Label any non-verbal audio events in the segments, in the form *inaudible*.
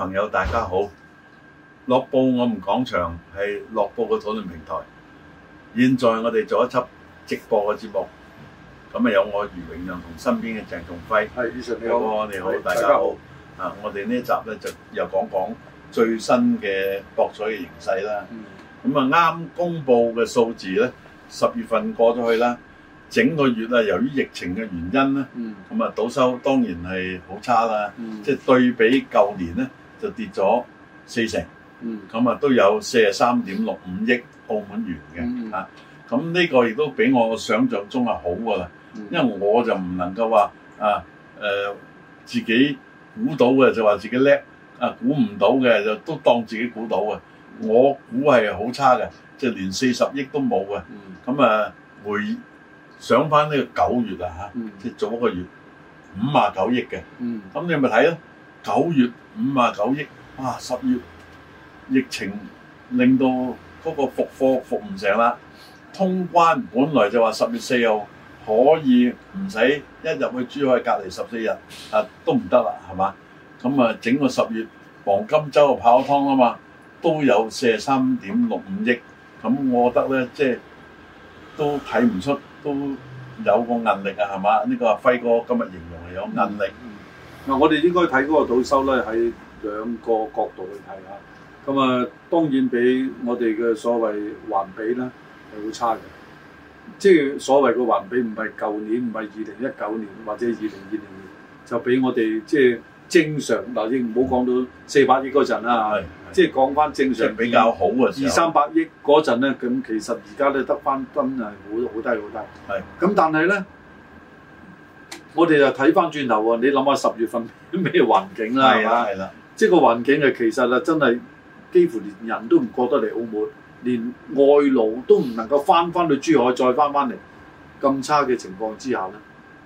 朋友大家好，樂報我們講場，係樂報嘅討論平台。現在我哋做一輯直播嘅節目，咁啊有我余榮亮同身邊嘅鄭仲輝，那個、你好，你好的，大家好。啊的，我哋呢一集咧就又講講最新嘅博彩嘅形勢啦。咁啊啱公佈嘅數字咧，十月份過咗去啦，整個月啊由於疫情嘅原因咧，咁啊、嗯、賭收當然係好差啦，即係、嗯、對比舊年咧。就跌咗四成，咁啊、嗯、都有四十三點六五億澳門元嘅嚇。咁呢、嗯啊、個亦都比我想象中係好㗎啦。嗯、因為我就唔能夠話啊誒、呃、自己估到嘅就話自己叻，啊估唔到嘅就都當自己估到嘅。我估係好差嘅，即係、連四十億都冇嘅。咁、嗯嗯、啊回想翻呢個九月啊即早個月五啊九億嘅，咁、嗯、你咪睇咯。嗯嗯嗯九月五啊九億，啊，十月疫情令到嗰個復貨復唔成啦，通關本來就話十月四號可以唔使一入去珠海隔離十四日，啊都唔得啦，係嘛？咁啊整個十月黃金周啊泡了湯啊嘛，都有四十三點六五億，咁我覺得咧即係都睇唔出都有個韌力啊，係嘛？呢個阿輝哥今日形容係有韌力。嗯嗱，我哋應該睇嗰個賭收咧，喺兩個角度去睇下。咁啊，當然比我哋嘅所謂環比咧係好差嘅。即係所謂嘅環比唔係舊年，唔係二零一九年或者二零二零年，就比我哋即係正常嗱，亦唔好講到四百億嗰陣啊。即係講翻正常。正常比較好嘅二三百億嗰陣咧，咁其實而家咧得翻真係好好低好低。係是。咁但係咧。我哋就睇翻轉頭喎，你諗下十月份咩環境啦，係啦的，吧即係個環境係其實係真係幾乎連人都唔覺得嚟澳門，連外勞都唔能夠翻翻去珠海再翻翻嚟咁差嘅情況之下咧，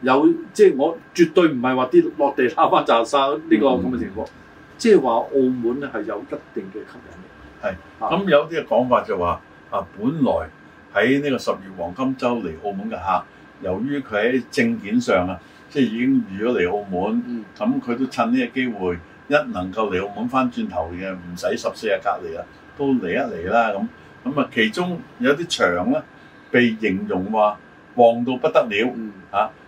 有即係我絕對唔係話啲落地攤翻炸沙呢個咁嘅情況，嗯、即係話澳門咧係有一定嘅吸引力。係、嗯，咁的有啲嘅講法就話啊，本來喺呢個十月黃金周嚟澳門嘅客，由於佢喺證件上啊。嗯即係已經預咗嚟澳門，咁佢、嗯嗯、都趁呢個機會，一能夠嚟澳門翻轉頭嘅，唔使十四日隔離啦，都嚟一嚟啦咁。咁啊，其中有啲場咧，被形容話旺到不得了，嚇、嗯。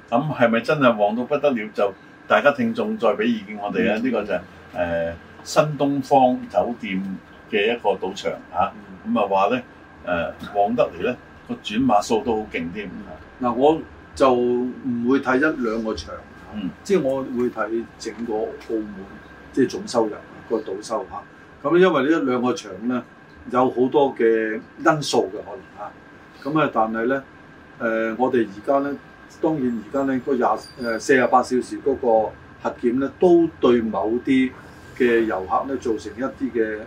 咁係咪真係旺到不得了？就大家聽眾再俾意見我哋啊。呢、嗯、個就係、是、誒、呃、新東方酒店嘅一個賭場嚇。咁啊話咧誒旺得嚟咧，個轉碼數都好勁添。嗱、啊、我。就唔會睇一兩個場，即係、嗯、我會睇整個澳門即係、就是、總收入個賭收客。咁因為呢一兩個場咧有好多嘅因素嘅可能嚇。咁啊，但係咧誒，我哋而家咧當然而家咧個廿誒四廿八小時嗰個核檢咧都對某啲嘅遊客咧造成一啲嘅誒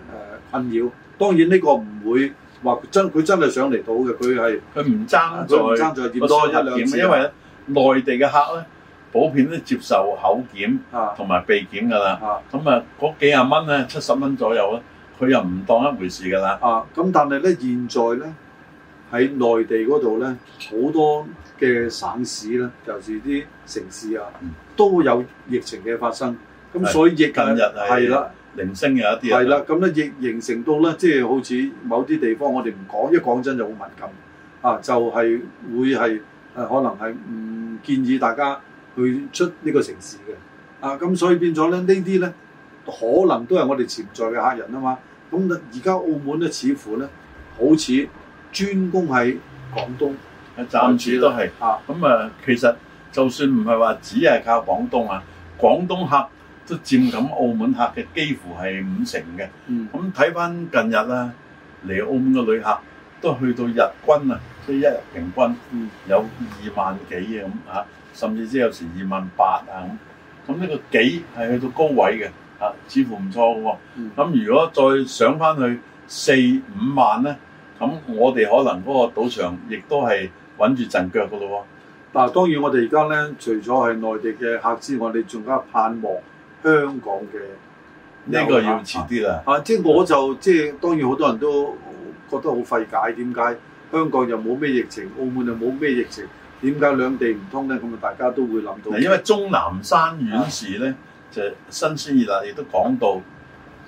困擾。當然呢個唔會。話佢真佢真係上嚟到嘅，佢係佢唔爭，佢唔爭在，在，在多點多一兩次，因為咧內地嘅客咧普遍都接受口檢同埋鼻檢㗎啦。咁啊嗰幾廿蚊咧，七十蚊左右咧，佢又唔當一回事㗎啦。咁但係咧，現在咧喺內地嗰度咧，好多嘅省市咧，尤其是啲城市啊，都有疫情嘅發生。咁所以亦近日係啦。零星有一啲，係啦，咁咧亦形成到咧，即係好似某啲地方我，我哋唔講，一講真就好敏感，啊，就係、是、會係啊，可能係唔建議大家去出呢個城市嘅，啊，咁所以變咗咧，呢啲咧可能都係我哋潛在嘅客人啊嘛，咁而家澳門咧似乎咧，好似專攻喺廣東，暫時都係啊，咁啊，其實就算唔係話只係靠廣東啊，廣東客。都佔咁澳門客嘅幾乎係五成嘅，咁睇翻近日啦，嚟澳門嘅旅客都去到日均啊，即係一日平均有二萬幾嘅咁嚇，甚至之有時二萬八啊咁。咁、嗯、呢、嗯、個幾係去到高位嘅嚇、啊，似乎唔錯喎。咁、嗯、如果再上翻去四五萬咧，咁我哋可能嗰個賭場亦都係穩住陣腳嘅咯。嗱，當然我哋而家咧，除咗係內地嘅客之外，我哋仲加盼望。香港嘅呢個要遲啲啦， *music* 啊！即係我就即係當然好多人都覺得好費解，點解香港又冇咩疫情，澳門又冇咩疫情，點解兩地唔通咧？咁啊，大家都會諗到。因為鍾南山院士咧就新鮮熱辣，亦都講到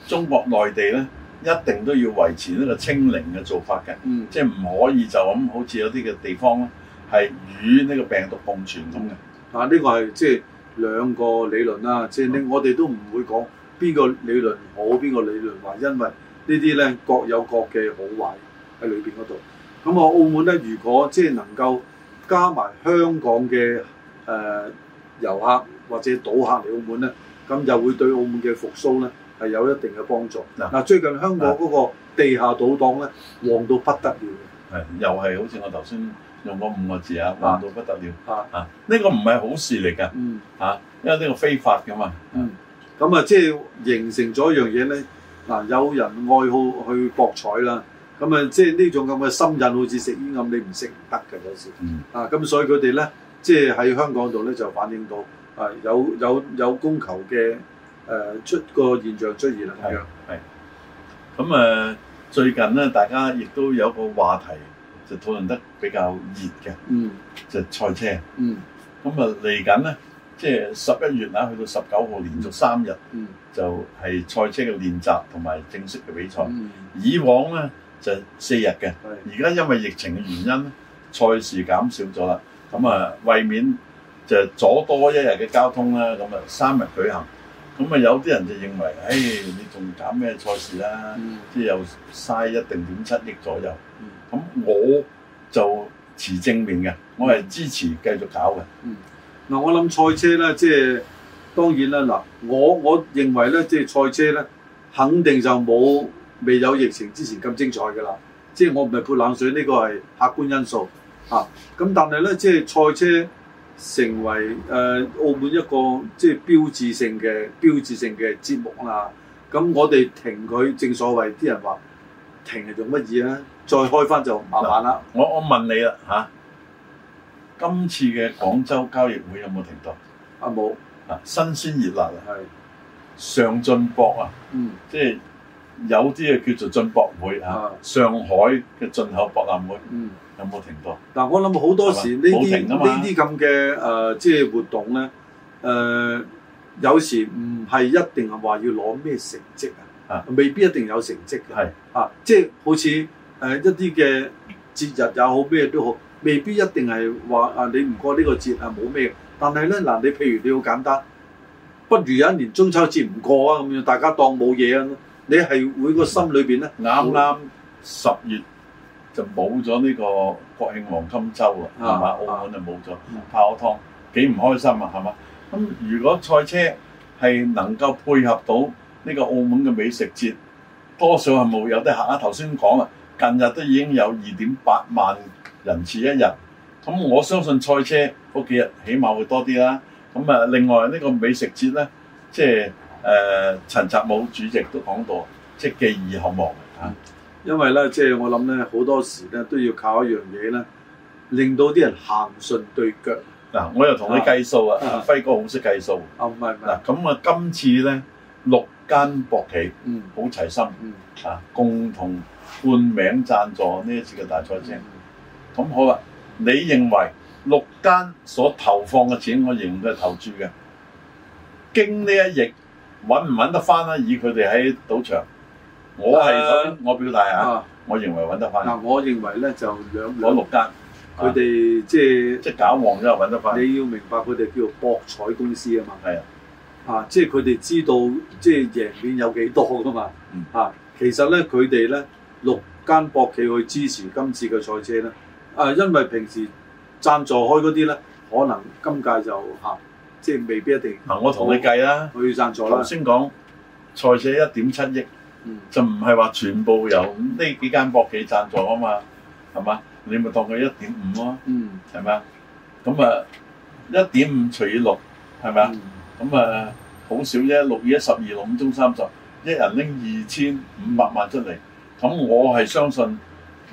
中國內地咧一定都要維持呢個清零嘅做法嘅。即係唔可以就咁好似有啲嘅地方咧係與呢個病毒共存咁嘅。啊，呢、呢個係即係。就是兩個理論啦，即係，我哋都唔會講邊個理論好，邊個理論壞，因為呢啲咧各有各嘅好壞喺裏邊嗰度。咁啊，澳門呢，如果即係能夠加埋香港嘅誒遊客或者賭客嚟澳門呢，咁就會對澳門嘅復甦呢係有一定嘅幫助。嗱、啊，最近香港嗰個地下賭檔呢，旺到不得了，又係好似我頭先。用個五個字啊，旺到不得了啊！呢、啊，這個唔係好事嚟噶，嚇、啊，因為呢個非法噶嘛。啊、嗯，咁啊，即係形成咗一樣嘢咧。嗱、啊，有人愛好去博彩啦，咁啊，即係呢種咁嘅心癮，好似食煙咁，你唔食唔得噶有時。啊，咁所以佢哋咧，即係喺香港度咧就反映到啊，有有有供求嘅誒、呃、出個現象出現啦咁樣。係。咁誒、嗯嗯，最近咧，大家亦都有個話題。就討論得比較熱嘅，嗯、就賽車。咁啊、嗯，嚟緊咧，即係十一月啊，去到十九號連續三日、嗯、就係賽車嘅練習同埋正式嘅比賽。嗯、以往咧就四日嘅，而家的因為疫情嘅原因咧，賽事減少咗啦。咁啊，為免就阻多一日嘅交通啦，咁啊三日舉行。咁啊，有啲人就認為，誒你仲減咩賽事啦、啊？即係又嘥一定點七億左右。嗯咁我就持正面嘅，我係支持繼續搞嘅。嗯，嗱，我諗賽車咧，即係當然啦。嗱，我我認為咧，即係賽車咧，肯定就冇未有疫情之前咁精彩㗎啦。即係我唔係潑冷水，呢、這個係客觀因素嚇。咁、啊、但係咧，即係賽車成為誒、呃、澳門一個即係標誌性嘅標誌性嘅節目啦。咁、啊、我哋停佢，正所謂啲人話。停係做乜嘢啊？再開翻就麻煩啦。我我問你啦嚇、啊，今次嘅廣州交易會有冇停到？阿冇啊，啊，新鮮熱辣啊！係是上進博啊，嗯，即係有啲嘢叫做進博會、嗯、啊，上海嘅進口博覽會，嗯，嗯有冇停到？嗱，我諗好多時呢啲呢啲咁嘅誒，即係吧活動咧，誒、呃呃，有時唔係一定係話要攞咩成績啊。未必一定有成績嘅，是啊，即係好似誒一啲嘅節日也好，咩都好，未必一定係話啊你唔過呢個節啊冇咩，但係咧嗱，你譬如你好簡單，不如有一年中秋節唔過啊，咁樣大家當冇嘢啊，你係會個心裏邊咧。啱啱十月就冇咗呢個國慶黃金週啊，係嘛、嗯？澳門就冇咗、嗯、泡湯，幾唔開心啊，係嘛？咁、嗯、如果賽車係能夠配合到。呢個澳門嘅美食節，多數係冇有啲客啊？頭先講啦，近日都已經有二點八萬人次一日，咁我相信賽車嗰幾日起碼會多啲啦。咁啊，另外呢個美食節咧，即係誒陳澤武主席都講過積極而渴望啊。因為咧，即係我諗咧，好多時咧都要靠一樣嘢咧，令到啲人行順對腳。嗱、啊，我又同你計數啊，輝哥好識計數。唔係。嗱，咁啊，今次咧。六間博企好齊 *noise* 心 *noise* 啊，共同冠名贊助呢一次嘅大賽事。咁、 *noise* 嗯嗯、好啦，你認為六間所投放嘅錢，我認都係投注嘅，經呢一役揾唔揾得翻咧？以佢哋喺賭場，我係、嗯、我表態啊，我認為揾得翻。嗱，我認為咧就兩兩六間，佢哋們、啊、即係即係搞旺咗，揾得翻。你要明白佢哋叫做博彩公司啊嘛。係啊。啊！即係佢哋知道，即係贏面有幾多噶嘛？啊，其實咧，佢哋咧六間博企去支持今次嘅賽車啦。啊，因為平時贊助開嗰啲咧，可能今屆就嚇、啊，即係未必一定。嗱，我同你計啦，佢贊助啦。頭先講賽車一點七億，嗯、就唔係話全部有呢幾間博企贊助啊嘛，係嘛？你咪當佢一點五咯，係咪啊？咁啊、嗯，一點五除以六，係咪啊？咁啊，好少啫，六月一十二六五中三十，一人拎二千五百萬出嚟。咁我係相信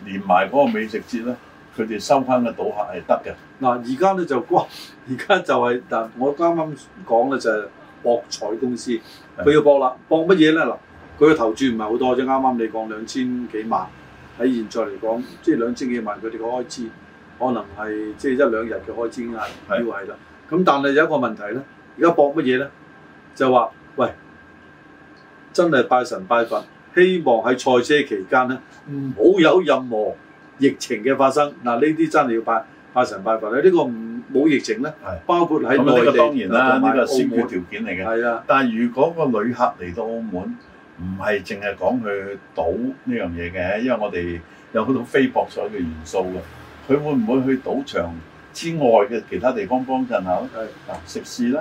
連埋嗰個美食節咧，佢哋收翻嘅賭客係得嘅。嗱，而家咧就哇，而家就係、是、但我啱啱講咧就係博彩公司，佢的要博啦，博乜嘢咧？嗱，佢嘅投注唔係好多啫，啱啱你講兩千幾萬，喺現在嚟講，即係兩千幾萬佢哋嘅開支，可能係即係一兩日嘅開支應該要係啦。咁的但係有一個問題咧。而家搏乜嘢咧？就話喂，真係拜神拜佛，希望喺賽車期間咧唔好有任何疫情嘅發生。嗱，呢啲真係要拜拜神拜佛啦。呢、這個唔冇疫情咧，的包括喺內地同埋的然澳門先決條件嚟嘅。係啦的，但係如果個旅客嚟到澳門，唔係淨係講佢去賭呢樣嘢嘅，因為我哋有好多非博彩嘅元素嘅，佢會唔會去賭場之外嘅其他地方幫襯下？嗱的，食肆咧。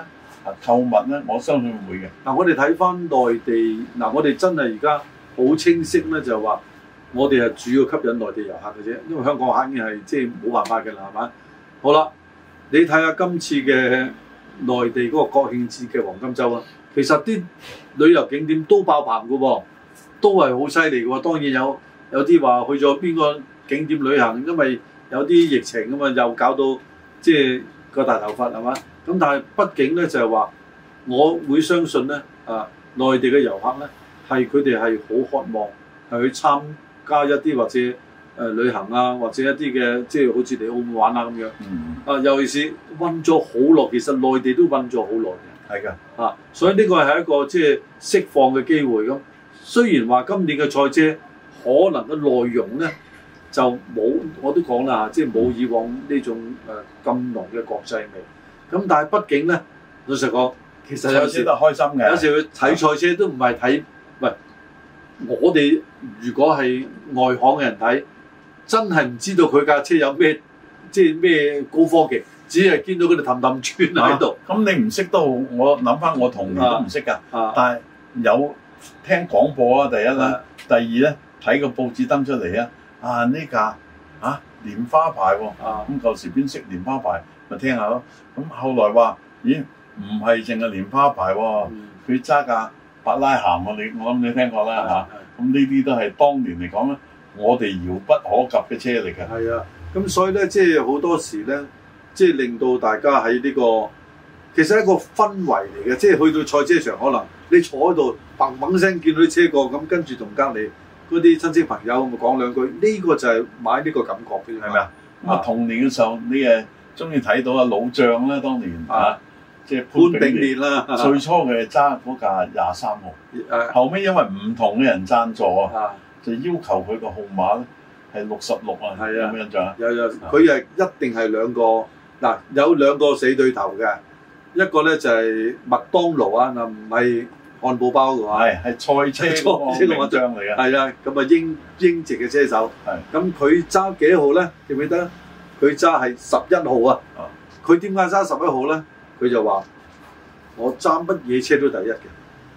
購物咧，我相信唔會嘅。嗱，我哋睇翻內地，嗱，我哋真係而家好清晰咧，就係話我哋係主要吸引內地遊客嘅啫，因為香港肯定係即係冇辦法嘅啦，係嘛。好啦，你睇下今次嘅內地嗰個國慶節嘅黃金週啊，其實啲旅遊景點都爆棚嘅喎，都係好犀利嘅喎。當然有有啲話去咗邊個景點旅行，因為有啲疫情啊嘛，又搞到即係個大頭髮，係嘛？咁但係畢竟咧，就係、是、話，我會相信咧，啊，內地嘅遊客咧，係佢哋係好渴望，係去參加一啲或者誒、呃、旅行啊，或者一啲嘅即係好似嚟澳門玩啊咁樣。啊，尤其是運咗好耐，其實內地都運咗好耐嘅，係嘅的。嚇、啊，所以呢個係一個的即係釋放嘅機會咁。雖然話今年嘅賽車可能嘅內容咧就冇，我都講啦即係冇以往呢種誒咁、呃、濃嘅國際味。咁但係畢竟咧，老實講，其實有時得開心嘅，有時去睇賽車都唔係睇，嗯、喂，我哋如果係外行嘅人睇，真係唔知道佢架車有咩，即係咩高科技，只係見到佢哋氹氹轉喺度。咁、啊、你唔識都，好，我諗翻我童年都唔識㗎。啊啊、但係有聽廣播啊，第一啦，啊、第二咧睇個報紙登出嚟啊，啊呢架啊蓮花牌咁舊、啊、時邊識蓮花牌？咪聽下咯，咁後來話，咦，唔係淨係蓮花牌喎，佢揸架白拉鹹喎，你我諗你聽過啦嚇，咁呢啲都係當年嚟講咧，我哋遙不可及嘅車嚟㗎。係啊，咁所以咧，即係好多時咧，即係令到大家喺呢個，其實係一個氛圍嚟嘅，即係去到賽車場，可能你坐喺度，白猛聲見到啲車過，咁跟住同隔離嗰啲親戚朋友咪講兩句，呢個就係買呢個感覺嘅，係咪啊？咁啊，童年嘅時候你誒。鍾意睇到啊老將咧，當年嚇，即係、啊、潘定烈啦。最初佢揸嗰架廿三號，啊、後尾因為唔同嘅人贊助啊，就要求佢個號碼咧係六十六啊。有冇印象啊？有有，佢誒一定係兩個嗱，有兩個死對頭嘅，一個咧就係麥當勞啊，嗱唔係漢堡包嘅話，係賽車車王將嚟嘅，係啊，咁啊英英籍嘅車手，咁佢揸幾號咧？記唔記得？佢揸係十一號啊！佢點解揸十一號呢？佢就話：我揸乜嘢車都第一嘅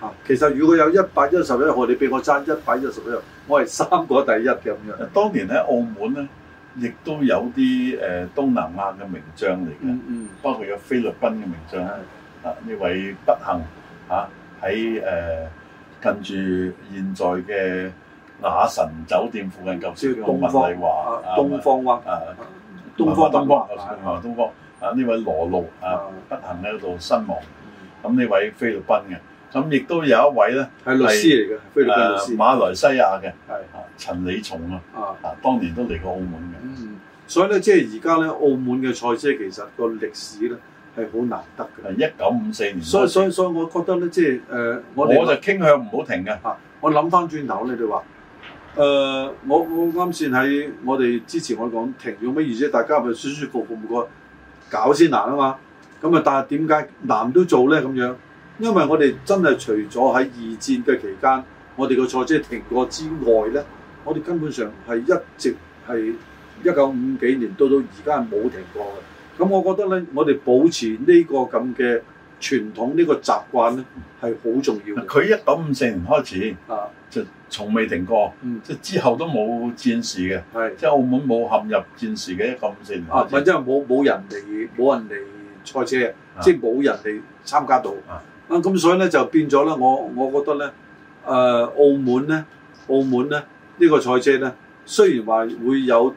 嚇、啊。其實如果有一百一十一號，你俾我揸一百一十一，我係三個第一嘅咁樣。當年喺澳門呢，亦都有啲誒東南亞嘅名將嚟嘅，嗯、包括有菲律賓嘅名將、嗯、啊，呢位不幸嚇喺誒近住現在嘅雅臣酒店附近舊時嘅東方麗華東，方說東方灣啊。啊東方東方，啊，東方啊，呢位羅路啊，不幸喺度身亡。咁呢位菲律賓嘅，咁亦都有一位咧，係律師嚟嘅，菲律賓律師，馬來西亞嘅，係陳李松啊，啊，當年都嚟過澳門嘅。所以咧，即係而家咧，澳門嘅賽車其實個歷史咧係好難得嘅。一九五四年。所以所以所以，我覺得咧，即係誒，我我就傾向唔好停嘅。吓，我諗翻轉頭咧，就話。誒、呃，我我啱先喺我哋之前我講停咗咩意思？大家咪舒舒服服個搞先難啊嘛。咁啊，但係點解難都做咧咁樣？因為我哋真係除咗喺二戰嘅期間，我哋個賽車停過之外咧，我哋根本上係一直係一九五幾年到到而家係冇停過嘅。咁、嗯、我覺得咧，我哋保持這個這個呢個咁嘅傳統呢個習慣咧，係好重要。佢一九五四年開始、嗯、啊。從未停過，即、嗯、之後都冇戰事嘅，係即澳門冇陷入戰事嘅一個五四年。啊，唔係即冇冇人嚟冇人嚟賽車，即冇、啊、人嚟參加到。啊，咁、啊、所以咧就變咗咧，我我覺得咧，誒澳門咧，澳門咧呢，澳門呢、呢個賽車咧，雖然話會有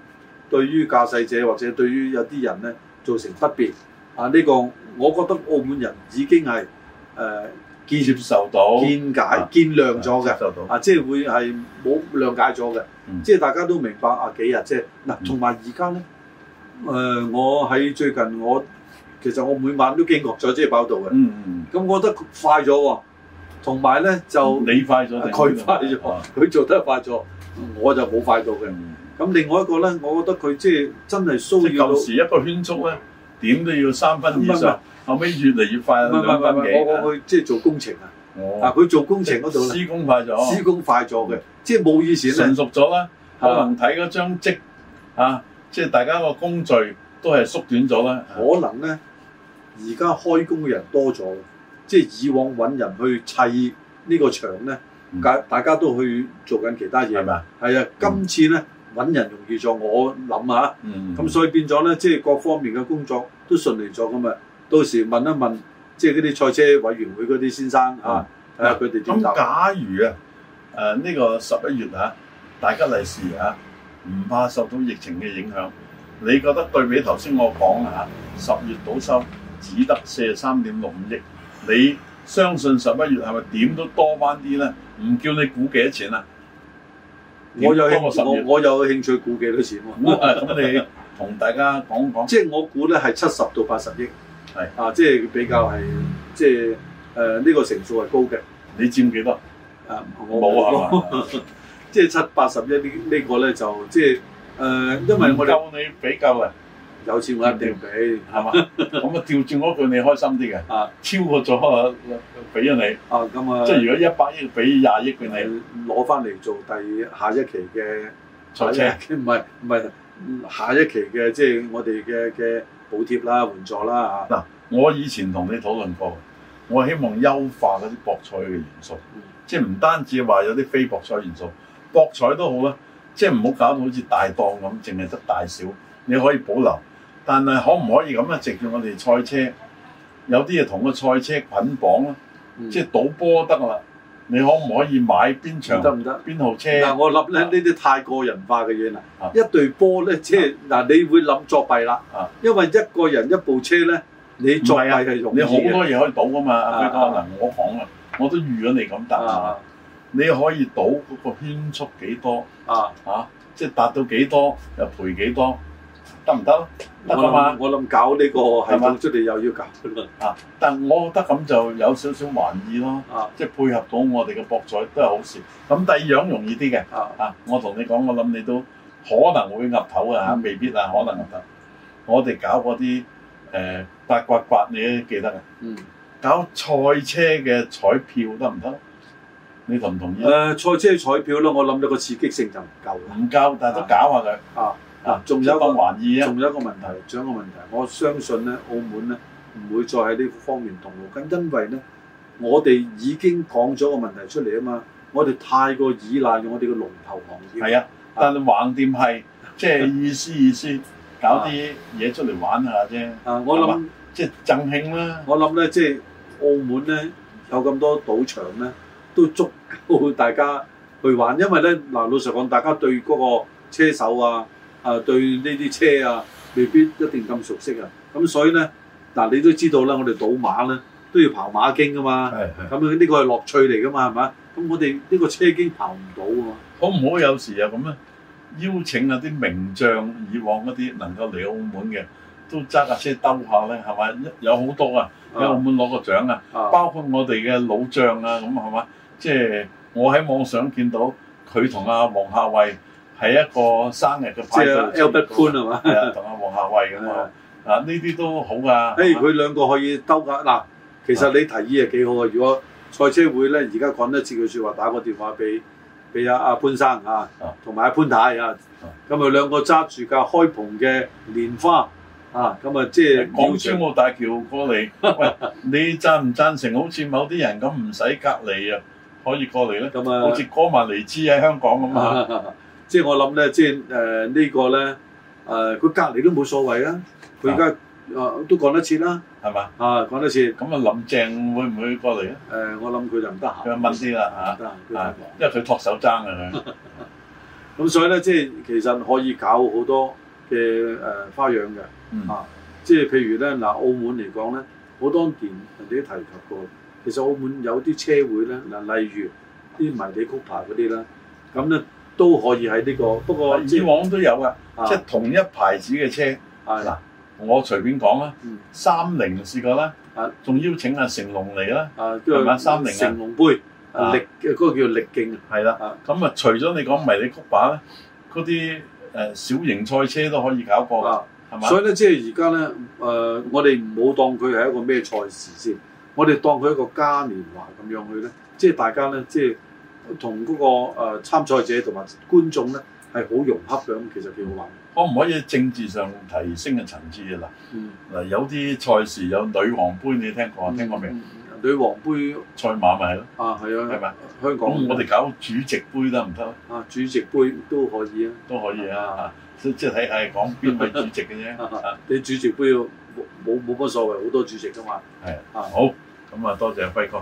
對於駕駛者或者對於有啲人咧造成不便，啊呢、呢個我覺得澳門人已經係誒。呃見接受到，見解見諒咗嘅，啊，受到啊，即係會係冇諒解咗嘅，嗯、即係大家都明白啊幾日即係嗱，同埋而家咧，誒、呃，我喺最近我其實我每晚都經過咗即係跑道嘅，咁我覺得快咗喎，同埋咧就你快咗，佢、啊、快咗，佢做得快咗，我就冇快到嘅，咁、嗯、另外一個咧，我覺得佢即係真係收緊，即係舊時一個圈速咧點都要三分以上。後尾越嚟越快啦，兩分幾我去即係做工程啊，啊佢做工程嗰度施工快咗，施工快咗嘅，即係冇以前成熟咗啦。可能睇嗰張積啊，即係大家個工序都係縮短咗啦。可能咧，而家開工嘅人多咗，即係以往揾人去砌呢個牆咧，介大家都去做緊其他嘢。係嘛？係啊，今次咧揾人容易咗，我諗下，咁所以變咗咧，即係各方面嘅工作都順利咗㗎嘛。到時問一問，即係啲賽車委員會嗰啲先生、嗯、啊，睇下佢哋點答。假如啊，誒、呃、呢、這個十一月啊，大家嚟試啊，唔怕受到疫情嘅影響。你覺得對比頭先我講啊，十月倒收只得四十三點六五億，你相信十一月係咪點都多翻啲咧？唔叫你估幾多錢啦。我有興，我有興趣估幾多錢喎？咁 *laughs* 那你同 *laughs* 大家講講。即係我估咧係七十到八十億。係是啊，即係比較係，即係誒呢個成數係高嘅。你佔幾多？誒，我冇啊，即係七八十一啲呢個咧，就即係誒，因為我收你俾夠啊，有錢我一定俾，係嘛？咁啊，調轉嗰句你開心啲嘅。 *laughs* 啊，超過咗啊，俾咗你。啊，咁啊，即係如果一百億俾廿億嘅你攞翻嚟做第下一期嘅賽車，唔係唔係下一期嘅，即係 *laughs* 我哋嘅嘅。補貼啦，援助啦嚇。嗱、啊，我以前同你討論過，我希望優化嗰啲博彩嘅元素，即係唔單止話有啲非博彩元素，博彩都好啦，即係唔好搞到好似大檔咁，淨係得大小，你可以保留，但係可唔可以咁咧？直到我哋賽車，有啲嘢同個賽車捆綁啦，嗯、即係賭波得啦。你可唔可以買邊場得唔得？邊號車？嗱，我諗咧呢啲太個人化嘅嘢啦。一隊波咧，即係嗱，你會諗作弊啦。因為一個人一部車咧，你作弊係容用。你好多嘢可以賭㗎嘛？比如講，嗱，我講啊，我都預咗你咁答。你可以賭嗰個圈速幾多？啊，嚇，即係達到幾多又賠幾多？得唔得？得㗎嘛？我諗搞呢個系統出嚟又要搞啊！但我覺得咁就有少少懷疑咯，即係配合到我哋嘅博彩都係好事。咁第二樣容易啲嘅啊，我同你講，我諗你都可能會岌頭嘅，未必啊，可能得。我哋搞嗰啲誒八刮刮，你都記得啊？嗯。搞賽車嘅彩票得唔得？你同唔同意？誒，賽車彩票咯，我諗咗個刺激性就唔夠。唔夠，但係都搞下佢啊。嗱，仲、啊啊、有,有一個問題，仲有一個問題，嗯、我相信咧，澳門咧唔會再喺呢方面同路，咁因為咧，我哋已經講咗個問題出嚟啊嘛，我哋太過依賴我哋嘅龍頭行業。係啊，但係橫掂係即係意思意思，啊、搞啲嘢出嚟玩下啫。啊，我諗即係振興啦。就是啊、我諗咧，即、就、係、是、澳門咧有咁多賭場咧，都足夠大家去玩，因為咧嗱，老實講，大家對嗰個車手啊～啊啊啊，對呢啲車啊，未必一定咁熟悉啊，咁所以咧，嗱、啊、你都知道啦，我哋賭馬咧都要跑馬經噶嘛，咁呢是是、嗯，呢個係樂趣嚟噶嘛，係嘛？咁我哋呢個車經跑唔到喎，可唔可以有時又咁咧？邀請啊啲名將，以往嗰啲能夠嚟澳門嘅，都揸架車兜下咧，係咪？有好多啊，喺澳門攞個獎啊，嗯嗯嗯、包括我哋嘅老將啊，咁係嘛？即、就、係、是、我喺網上見到佢同阿黃夏慧。係一個生日嘅派對，即係 Elde 潘係嘛？係啊，同阿黃夏慧咁啦。嗱，呢啲都好㗎。誒，佢兩個可以兜架。嗱。其實你提議係幾好啊。如果賽車會咧，而家講得次佢說話，打個電話俾俾阿阿潘生啊，同埋阿潘太啊。咁啊，兩個揸住架開篷嘅蓮花啊，咁啊，即係港珠澳大橋過嚟。喂，你贊唔贊成？好似某啲人咁唔使隔離啊，可以過嚟咧。咁啊，好似哥曼尼茲喺香港咁啊。即係我諗咧，即係誒、呃這個、呢個咧，誒佢隔離都冇所謂啊！佢而家誒都講得切啦，係嘛吧？啊，講得切，咁啊、嗯、林鄭會唔會過嚟咧？誒、呃，我諗佢就唔得閒。佢問啲啦嚇，啊啊、因為佢托手踭嘅咁所以咧，即係其實可以搞好多嘅誒花樣嘅嚇、嗯啊。即係譬如咧，嗱澳門嚟講咧，好多年人哋都提及過。其實澳門有啲車會咧，嗱例如啲迷你曲牌嗰啲啦，咁咧。都可以喺呢個，不過以往都有㗎，即係同一牌子嘅車。嗱，我隨便講啦。三菱試過啦，仲邀請阿成龍嚟啦，係玩三菱啊，成龍杯力嘅嗰個叫力勁啊，係啦。咁啊，除咗你講迷你曲把咧，嗰啲誒小型賽車都可以搞過嘅，係嘛？所以咧，即係而家咧，誒，我哋唔好當佢係一個咩賽事先，我哋當佢一個嘉年華咁樣去咧，即係大家咧，即係。同嗰個誒參賽者同埋觀眾咧，係好融洽嘅，咁其實幾好玩。可唔可以政治上提升嘅層次啊？嗱，嗱，有啲賽事有女王杯，你聽過啊？聽過未？女王杯賽馬咪係咯。啊，係啊。係咪？香港我哋搞主席杯得唔得？啊，主席杯都可以啊。都可以啊。即係睇係講邊位主席嘅啫。你主席杯冇冇冇乜所謂，好多主席噶嘛。係。啊，好。咁啊，多謝輝哥。